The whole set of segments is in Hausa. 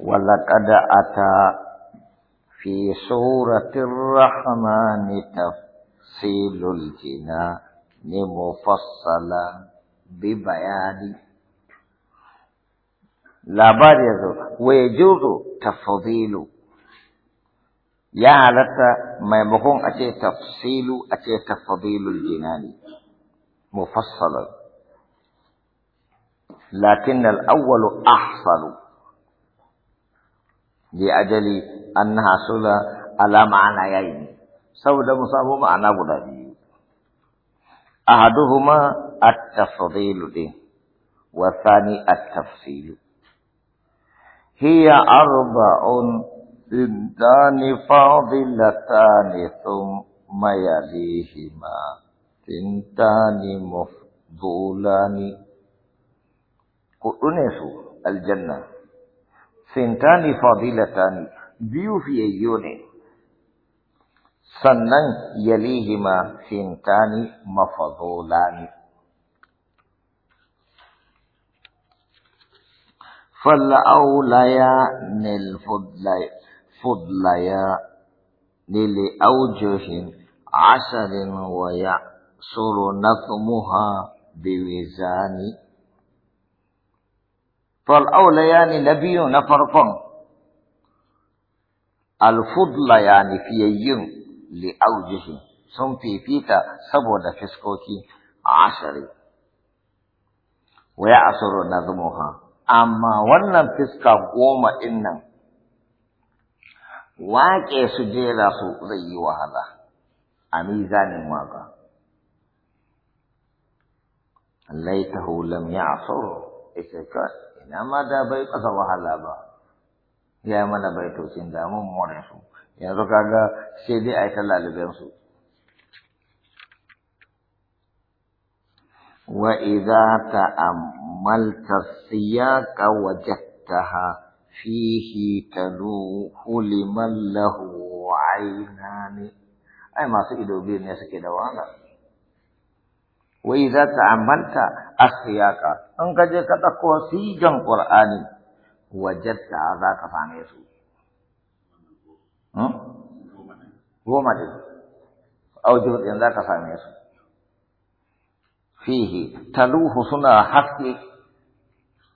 ولقد أتى في سورة الرحمن تفصيل الجنان مفصلا ببيان لا بار ويجوز تفضيل يا علتا ما يبقون أتي تفصيل أتي تفضيل الجنان مفصلا لكن الأول أحصل لأجل أنها نحصل على معنيين سودا مصاب معنى بلادي أحدهما التفضيل دي والثاني التفصيل هي أربع ضدان فاضلتان ثم يليهما ثنتان مفضولان قلنا الجنة سنتان فضيلتان بيو في أيون سنن يليهما سنتان مفضولان فالأوليا للفضليا للأوجه عشر ويأسر نظمها بوزان فالأولى يعني نبي نفرقون الفضل يعني في يوم لأوجه ثم في فيتا سبو نفسكوكي عشر ويعصر نظمها أما ونن فسكا قوم إنا waƙe su jera ذي zai أميزان wahala ليته لم يعصر إذا كان Amma da bai kasa wahala ba ya mana baitocin da mun more su yanzu kaga sai dai a yi su wa idza ta'ammalta siyaqa wajadtaha fihi tanuhu liman lahu aynani ai masu ido biyu ne suke da wahala wai za ta amalta asiyaka in ka je ka ɗauko sijan ƙur'ani wajadta za ka same su hmm? goma ɗin aujo ɗin za ka same su fihi taluhu suna haske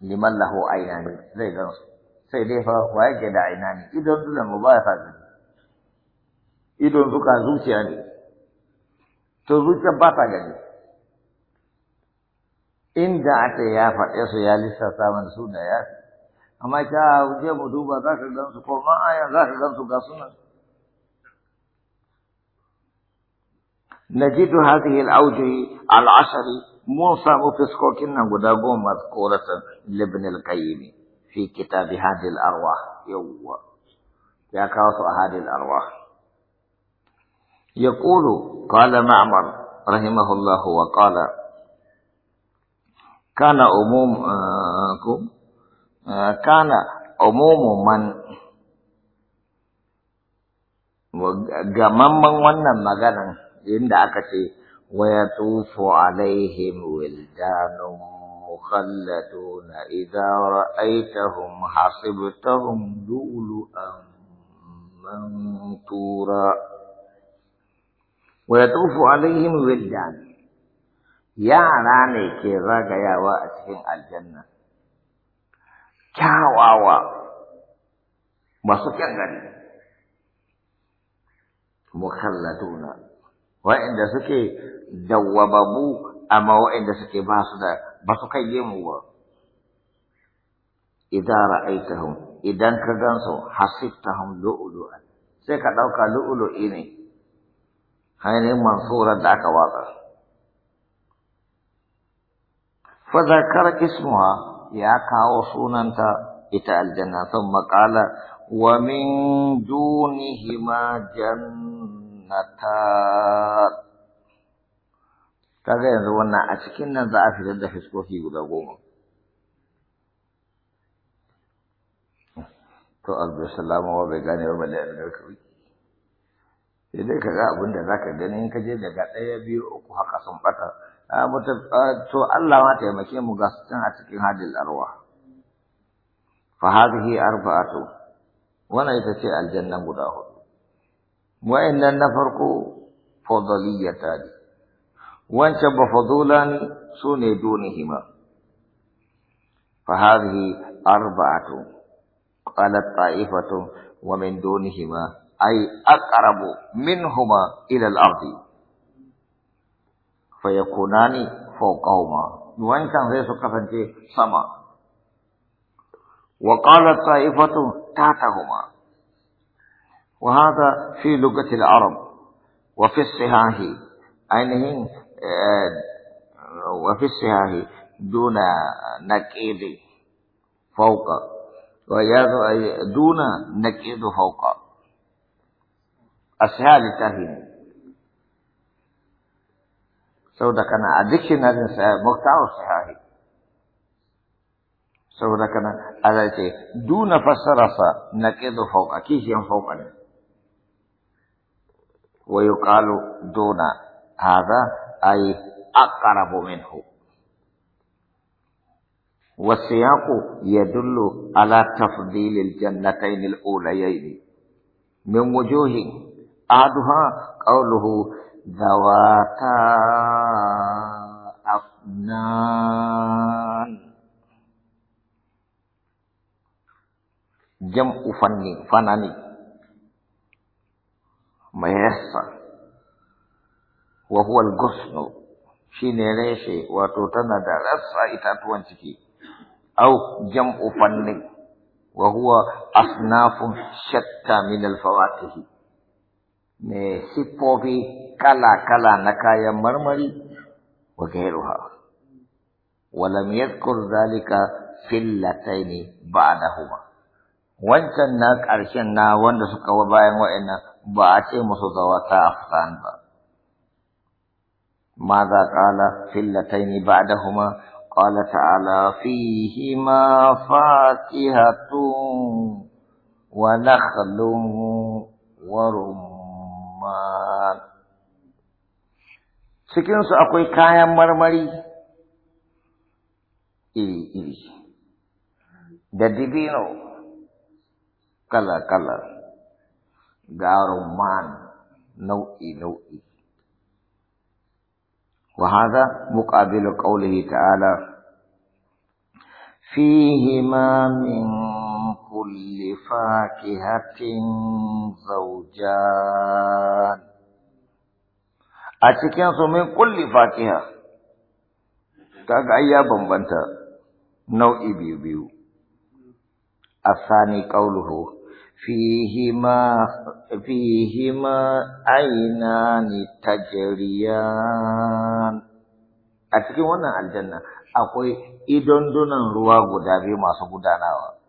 liman lahu ainani zai gan sai dai fa wa yake da ainani idon dole mu ba ya sa idon zuka zuciya ne to zuciyar ba ta gani ان دعت ya faɗe su ya lissafa mana يا اما ya fi amma ka je mu duba za ka gan su ko ma ayan za ka gan su ga sunan نجد هذه الأوجه العشر موسى مفسكو كنا قداغو مذكورة لابن القيم في كتاب هذه الأرواح يو يا كاوسو هذه الأرواح يقول قال معمر رحمه الله وقال كان عموم كان عموم من gamamman wannan maganan inda aka ce waya tufu alaihim wildanun mukhalladuna idza ra'aitahum hasibtahum lu'lu'an mantura ويطوف عليهم ولدان yara ne ke zagayawa a cikin aljanna kyawawa masu kyan gari mukhallatuna wa'inda suke dawwababu amma wa'inda suke ba su da ba su kai gemu ba idan ra'aitahum idan ka gansu hasibtahum lu'lu'an sai ka dauka lu'lu'i ne hainin mansura da aka watsa فذكر اسمها يا كاو سننتا إتا الجنة ثم قال ومن دونهما جنتان kaga yanzu wannan a cikin nan za a fitar da fiskoki guda goma to abdulsalamu wa bai gane ba balle yarda kawai sai dai kaga abin da ka gani in ka je daga ɗaya biyu uku haka sun ɓata. to Allah ma taimake mu ga su a cikin hadil arwa fa hadhihi arba'atu wannan ita ce aljannan guda hudu wa'annan na farko fadaliyata ne wancan ba fadula ne su ne dunihima fa hadhihi arba'atu qalat ta'ifatu wa min dunihima ay aqrabu minhuma ila al-ardi فيكونان فوقهما وان كان ليس كفن في سما وقال الطائفة تحتهما وهذا في لغة العرب وفي الصحاح أينه آه، وفي الصحاح دون نكيد فوق دون نكيد فوق الصحاح للتهيئة saboda kana na dictionary sa muktawar sahahi saboda kana Allah ce duna fassarasa naqidu fawqa kishiyan fawqa ne wa yuqalu duna hada ay aqrabu minhu والسياق يدل على تفضيل الجنتين الأوليين من وجوه أحدها قوله ذواتا أفنان جمع فني فناني ميسر وهو الغصن شيني ريشي وتوتنا درسا إتاتوان شكي أو جمع فني وهو أصناف شتى من الفواكه mai siffofi kala-kala na kayan marmari wa gairuha. Walam yadkur zalika fillataini ba'dahuma. Wancan na karshen na wanda suka wa bayan wa'annan ba a ce musu zawata afsan ba. ماذا قال فلتين بعدهما قال تعالى فيهما فاكهة ونخل ورمان rahman cikinsu akwai kayan marmari iri-iri da divino kala-kala ga rumman nau'i-nau'i وهذا مقابل قوله تعالى فيهما من كل فاكهة زوجان a cikin su min kulli fakiha kaga ai bambanta nau'i biyu biyu asani qauluhu fihi ma fihi ma ainan tajriyan a cikin wannan aljanna akwai idon dunan ruwa guda biyu masu gudanawa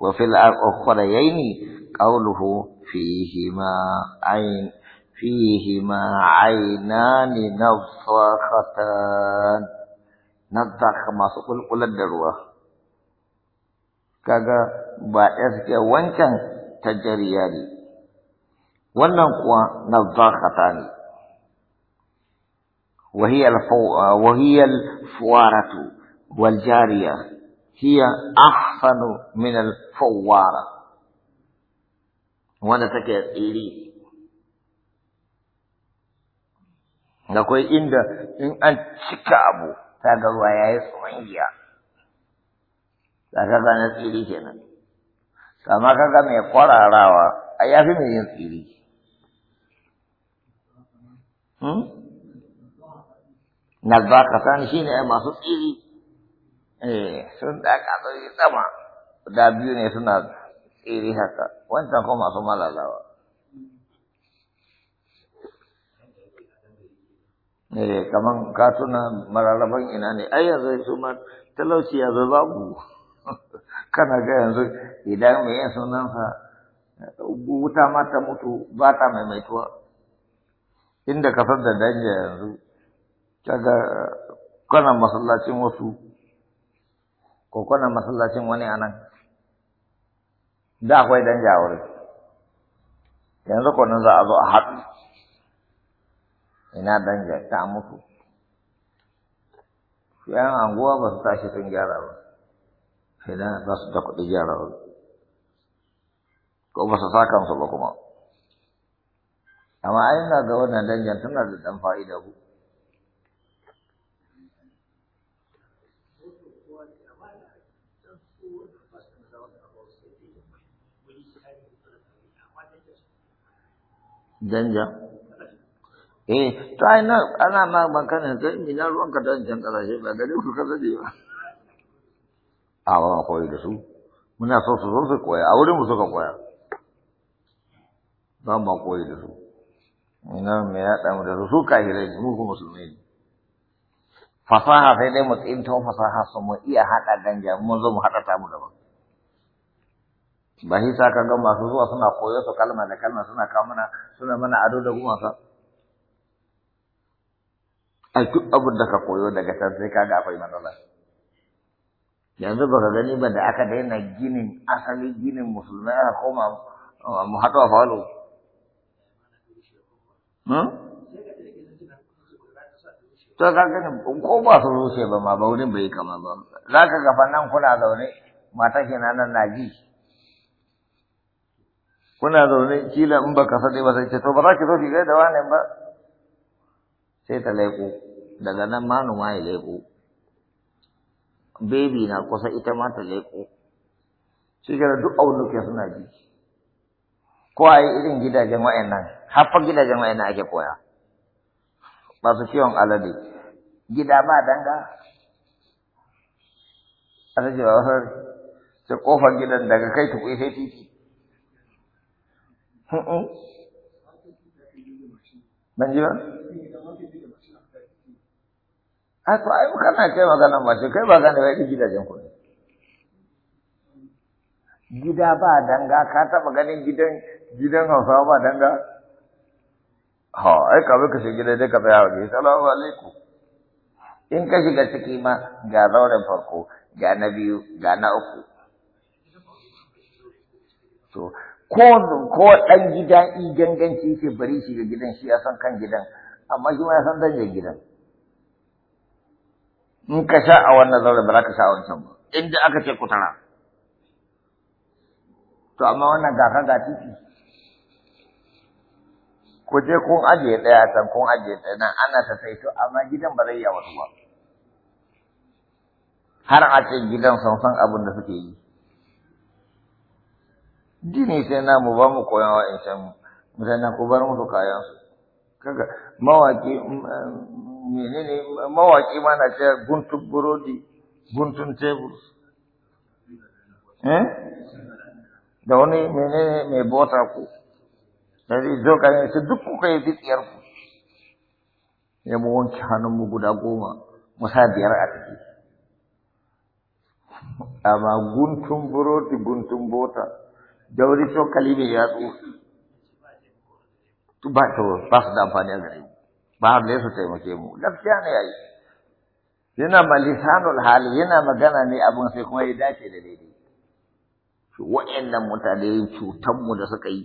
وفي الأخريين قوله فيهما عين فيهما عينان نضختان نضخ ما سقول قل الدروة كذا بعث وان كان تجريان ونقوى kuwa وهي الفو... وهي الفوارة والجارية hiya ahsanu min al-fawwara wanda take tsiri akwai inda in an cika abu ta ga ruwa yayi tsangiya zaka ga na tsiri kenan ka ga mai kwararawa a yafi mai yin tsiri hmm? san shi ne masu tsiri eh sun daga zoyi sama da biyu ne suna tsiri haka wancan kuma masu malalawa eh kaman katuna mararaban ina ne ai yanzu su ma talauci ya babu kana ga yanzu idan mai yin sunansa wuta ma ta mutu ba ta maimaituwa inda kasar da danja yanzu kaga kana masallacin wasu ko kuna masallacin wani a nan da akwai dan jawar yanzu ko nan za a zo a haɗu ina dan ta mutu yan anguwa ba su tashi sun gyara ba sai da za su ta kuɗi gyara ba ko ba su sa kansu ba kuma amma ina ga wannan danjan tana da dan fa'ida ku Danja. Eh, to ai na ana ma magana da ina ruwan ka dan jan kasashe ba gare ku kasa ne ba. A ba koyi da su. Muna so su zo su koya, a wurin mu suka koya. Ba ma koyi da su. Ina me ya da mu da su su kahirai ne mu kuma musulmai ne. Fasaha sai dai mu tsinto fasaha su mu iya haɗa danja mu zo mu haɗa ta mu daban. ba shi sa ka ga masu zuwa suna koyo su kalma da kalma suna kawo mana suna mana ado da gumasa a duk abin da ka koyo daga can sai ka ga akwai matsala yanzu ba ka gani ba da aka daina ginin asali ginin musulmai aka koma uh, mu haɗu a falo hmm? to ka gani ko ba su rushe ba ma ba wurin bai kama ba za ka gafa nan kuna zaune mata kenan nan na ji kuna zaune kila in baka sani ba sai ce to ba za ki zo ki ga da wani ba sai ta laiko daga nan manoma ya laiko Baby na kusa ita ma ta laiko shi kira duk aunuke suna ji ko a yi irin gidajen wa'annan haffar gidajen wa'annan ake koya Ba su ciwon alade gida ba danga a ta ce ba wasu ta kofar gidan daga kai ta kuwa sai titi Ban ji ba? A to ai kana kai magana ba shi kai ba gane ba gidajen ku. Gida ba danga ka taba ganin gidan gidan Hausawa ba danga. Ha ai ka ka shi gida dai ka tsaya waje. Assalamu alaikum. In ka shiga ciki ma ga zauren farko, ga na biyu, ga na uku. To, ko ko ɗan gida i ganganci yake bari shi ga gidan shi ya san kan gidan amma shi ma ya san je gidan in ka sha a wannan zaure ba za ka sha a wancan ba inda aka ce kutara to amma wannan gaka ga titi ku je kun ajiye ɗaya can kun ajiye ɗaya nan ana ta saito amma gidan ba zai yi wasu ba har a ce gidan sun san abin da suke yi Dini sai na mu ba mu koyan wa'ancan mutane ku bar musu su Kaga mawaki mm, mm, menene mawaki ma na ce guntun burodi guntun tebur. Eh? Da wani menene mai bota ku. Dari zo ka ne su duk kuka yi fitiyar ku. Ya mu wanke mu guda goma mu sa biyar a ciki. Amma guntun burodi guntun bota. da wuri cokali mai yatsu ba to ba su da amfani a gare mu ba ne su taimake mu lafiya ne yi. yana ma lisanul hali yana magana ne abin sai kuma ya dace da daidai wa'annan mutane cutanmu mu da suka yi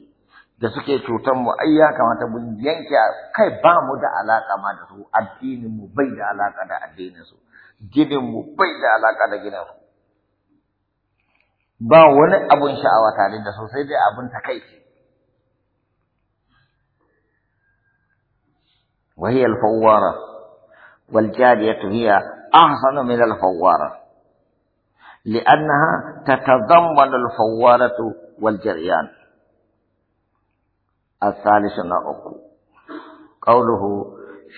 da suke cutan mu ai ya kamata mun yanke kai ba mu da alaka ma da su addinin mu bai da alaka da addinin su ginin mu bai da alaka da ginin su ba wani abun sha'awa tare da su sai dai abun takaici وهي الفوارة والجارية هي أحسن من الفوارة لأنها تتضمن الفوارة والجريان الثالث نعق قوله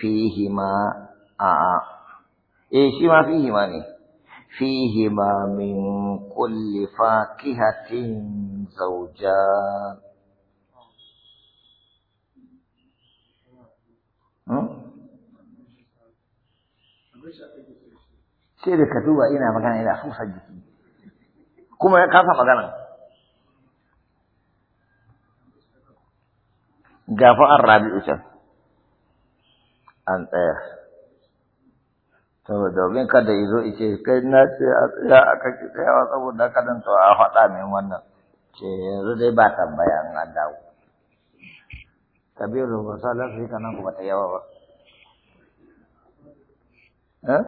فيهما آآ آه. إيه فيهما فيهما نيه فيهما من كل فاكهة زوجان sai da ka duba ina magana ina sosa jiki kuma ya kasa magana gafa an rabi'u can an tsaya saboda domin kada ya zo ice kai na ce a tsaya aka ki tsayawa saboda kadan to a faɗa min wannan ce yanzu dai ba tambaya in an dawo kabiru ba sa kanan ku ba ta yawa ba eh?